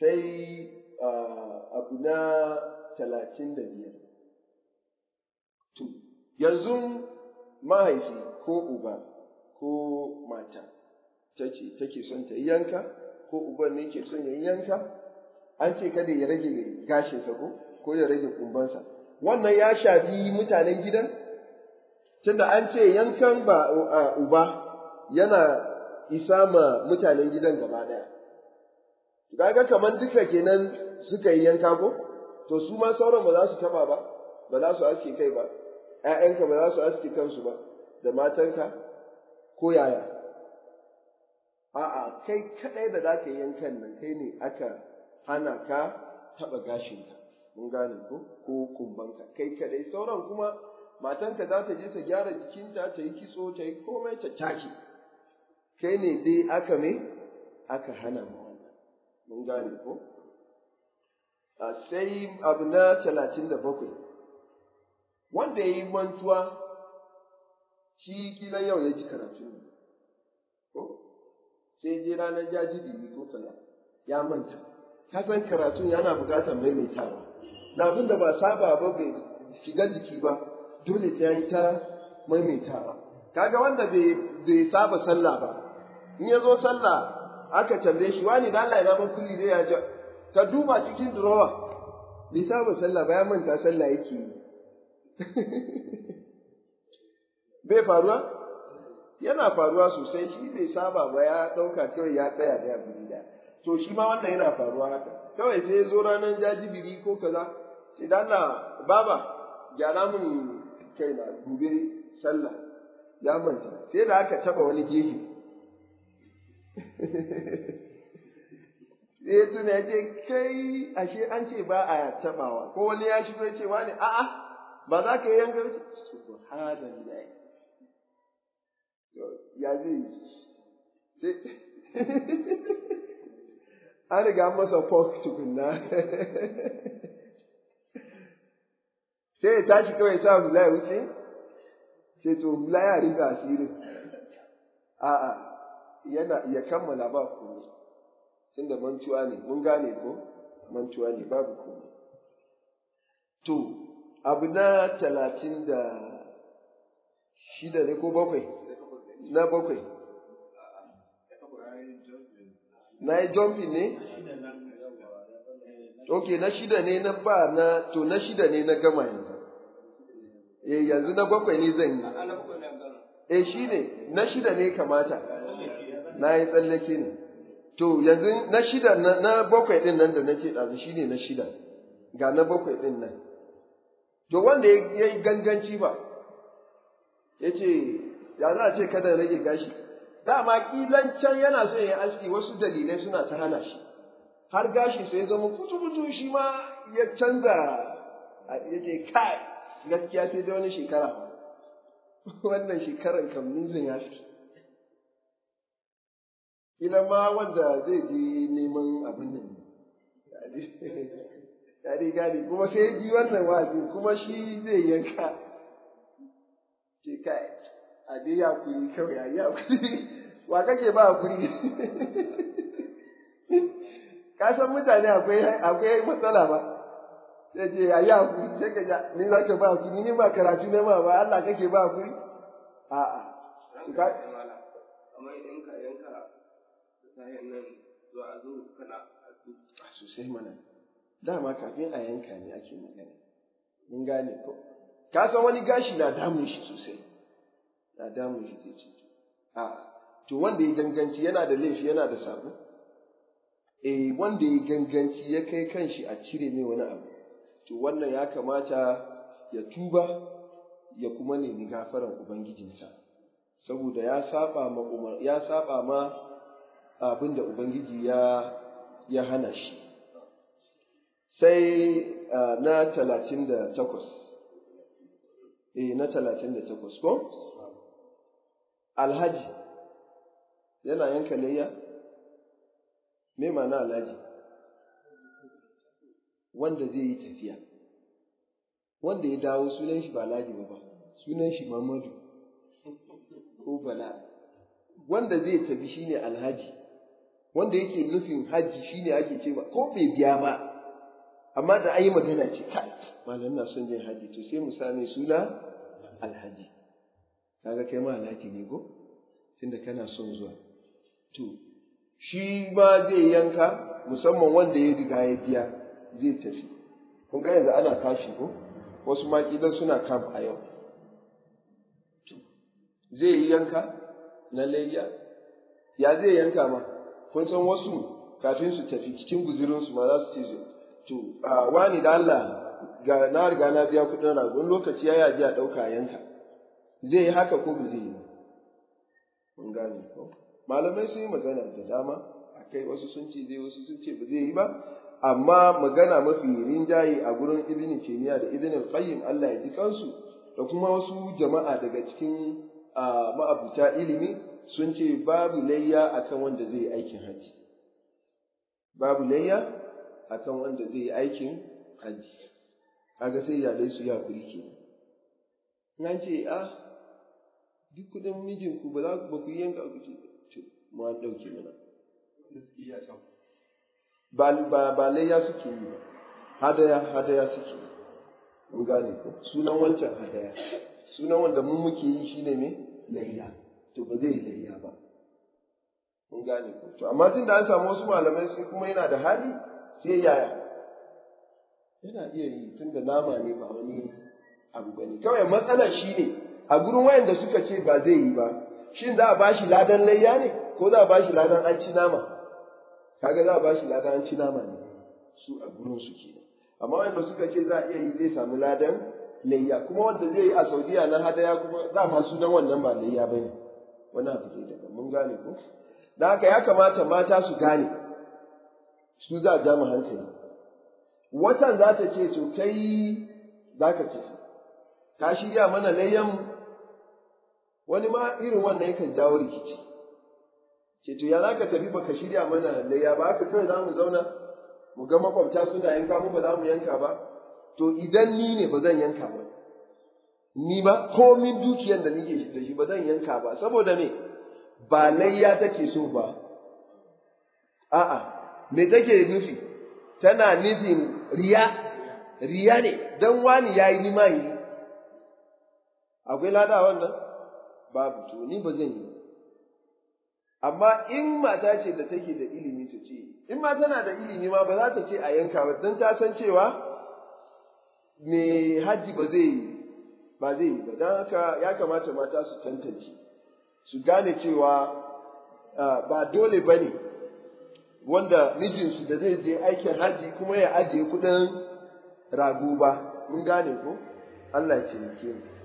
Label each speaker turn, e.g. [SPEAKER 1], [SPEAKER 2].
[SPEAKER 1] sai abu na talatin da biyar. Yanzu mahaifi ko uba ko mata take son ta yi yanka ko uban ne ke son ya yi yanka, an ce kada ya rage gashinsa ko ko ya rage kumbansa. Wannan ya shafi mutanen gidan? Tunda an ce yankan ba uba yana isa ma mutanen gidan gaba daya. Daga kamar duka kenan suka yi yanka ko to su ma sauran ba za su taba ba ba za su aske kai ba ‘ya'yanka ba za su aske kansu ba da matanka ko yaya a'a kai kaɗai da za ka yi yankan nan kai ne aka hana ka taɓa gashinka mun gane ko ko kumbanka kai kaɗai sauran kuma matanka za ta je ta gyara jikinta ta yi kitso ta yi komai ta tashi kai ne dai aka me aka hana mu mun gane ko sai abu na talatin da bakwai wanda ya yi mantuwa shi kila yau ya ji karatu ne ko sai je ranar yi ko sana ya manta ka san karatu yana buƙatar maimaitawa na abin da ba saba ba bai shiga jiki ba dole sai yi ta maimaitawa kaga wanda bai saba sallah ba in ya zo sallah aka tambaye shi wani da Allah ya zama kulli ne ya ta ka duba cikin durowa bai samu sallah ba ya manta sallah yake yi bai faruwa yana faruwa sosai shi bai saba ba ya ɗauka kawai ya tsaya da ya da to shi ma wannan yana faruwa haka kawai sai zo ranar jajibiri ko kaza sai da Allah baba gyara mun kai na gobe sallah ya manta sai da aka taba wani gefe ya tuna ce kai ashe an ce ba a tabawa ko wani ya shigo ya ce wani a'a ba za ka yi yanka ba subhanallah ya zai sai an riga masa tukunna sai ya tashi kawai sa wuce sai to ya a'a yana ya kammala ba komai tunda mantuwa ne mun gane ko mantuwa ne babu komai to abu na talatin da shida ne ko bakwai na bakwai na yi jomfi ne ok na shida ne na ba na to na shida ne na gama yanzu eh yanzu na bakwai ne zan yi eh shi ne na shida ne kamata na yi tsallake ne to yanzu na shida na bakwai ɗin nan da na ce ɗazu ne na shida ga na bakwai ɗin nan to wanda ya yi ganganci ba ya ce ya za a ce kada rage gashi dama kilan can yana so ya aski wasu dalilai suna ta hana shi har gashi sai zama kutu-kutu shi ma ya canza ya ce kai gaskiya sai da wani shekara wannan shekaran kam nizin ya fi kila ma wanda zai je neman abin nan ya riga ne kuma sai ji wannan wazi kuma shi zai yanka ke kai a dai ya kuri kawai a ya kuri wa kake ba kuri ka san mutane akwai akwai matsala ba sai je a ya kuri sai ka ni za ka ba kuri ni ba karatu ne ma ba Allah kake ba kuri a'a sayan nan zuwa a zo kana a ah, sosai mana dama kafin a yanka ne ake magana mun gane ko ka san wani gashi na damun shi sosai na damun shi zai ce a to wanda ya ganganci yana da laifi yana da sabo eh wanda ya ganganci ya kai kanshi a cire mai wani abu to wannan ya kamata ya tuba ya kuma nemi gafaran ubangijinsa saboda ya saba ma ya saba ma abin da Ubangiji ya, ya hana shi. Sai na talatin da takwas, eh na talatin da takwas ko? Alhaji, yana yanka layya? Me ma'ana alhaji? Wanda zai yi tafiya. Wanda ya dawo sunan shi ba alhaji ba, sunan shi Mamadu ko Bala. Wanda zai tafi shine alhaji. wanda yake nufin hajji shine ake ce ba ko bai biya ba amma da ayi magana ce kai malam na son jin hajji to sai mu same suna alhaji kaga kai ma alhaji ne go tunda kana son zuwa to shi ma zai yanka musamman wanda ya riga ya biya zai tafi kun ga yanzu ana kashi ko wasu ma kidan suna camp a yau zai yi yanka na layya ya zai yanka ma kun san wasu kafin su tafi cikin su ma za su ce to wani da Allah ga na riga na biya kudin ragon lokaci ya yaji a ɗauka yanka zai yi haka ko zai yi mun gane ko malamai sun yi magana da dama akai wasu sun ce zai wasu sun ce ba zai yi ba amma magana mafi rinjaye a gurin ibn taymiya da ibn al Allah ya ji kansu da kuma wasu jama'a daga cikin A ma'abuta ilimi sun ce babu layya a kan wanda zai yi aikin haji babu layya a kan wanda zai yi aikin haji kaga sai iyalai su ya kuri na ce a ah, duk kudin mijinku ba za ku yi yanka ku ce mu an dauke mana ba layya su layya suke yi ba hadaya hadaya suke yi mun gane ko sunan wancan hadaya sunan wanda mu muke yi ne me layya to ba zai layya ba mun gane ku. to amma tunda an samu wasu malamai sai kuma yana da hali sai yaya yana iya yi tunda nama ne ba wani abu bane kawai matsalar ne, a gurin wayanda suka ce ba zai yi ba shin za a bashi ladan layya ne ko za a bashi ladan an ci nama kaga za a bashi ladan an ci nama ne su a gurin su ke? amma wayanda suka ce za a iya yi zai samu ladan layya kuma wanda zai yi a Saudiya na hadaya kuma za ma sunan wannan ba layya ba ne Wani abu ne daga mun gane ko da haka ya kamata mata su gane su za a ja mu hankali watan za ta ce to kai za ka ce ka shirya mana layyan wani ma irin wannan yakan jawo rikici ce to ya za ka tafi ba ka shirya mana layya ba haka kawai za mu zauna mu ga makwabta suna yanka mu ba za mu yanka ba to idan ni ne ba zan yanka ba ni ba komin dukiyar da nike da shi ba zan yanka ba saboda me ba layya take so ba a'a me take nufi tana nufin riya riya ne dan wani yayi ni ma yi akwai lada wannan babu to ni ba zan yi amma in mata ce da take da ilimi ta ce in ma tana da ilimi ma ba za ta ce a yanka ba dan ta san cewa me haji ba zai yi ba zai yi ba don haka ya kamata mata su tantance su gane cewa ba dole ba ne wanda mijinsu da zai je aikin haji kuma ya ajiye kuɗin rago ba mun gane ko Allah ya ce mu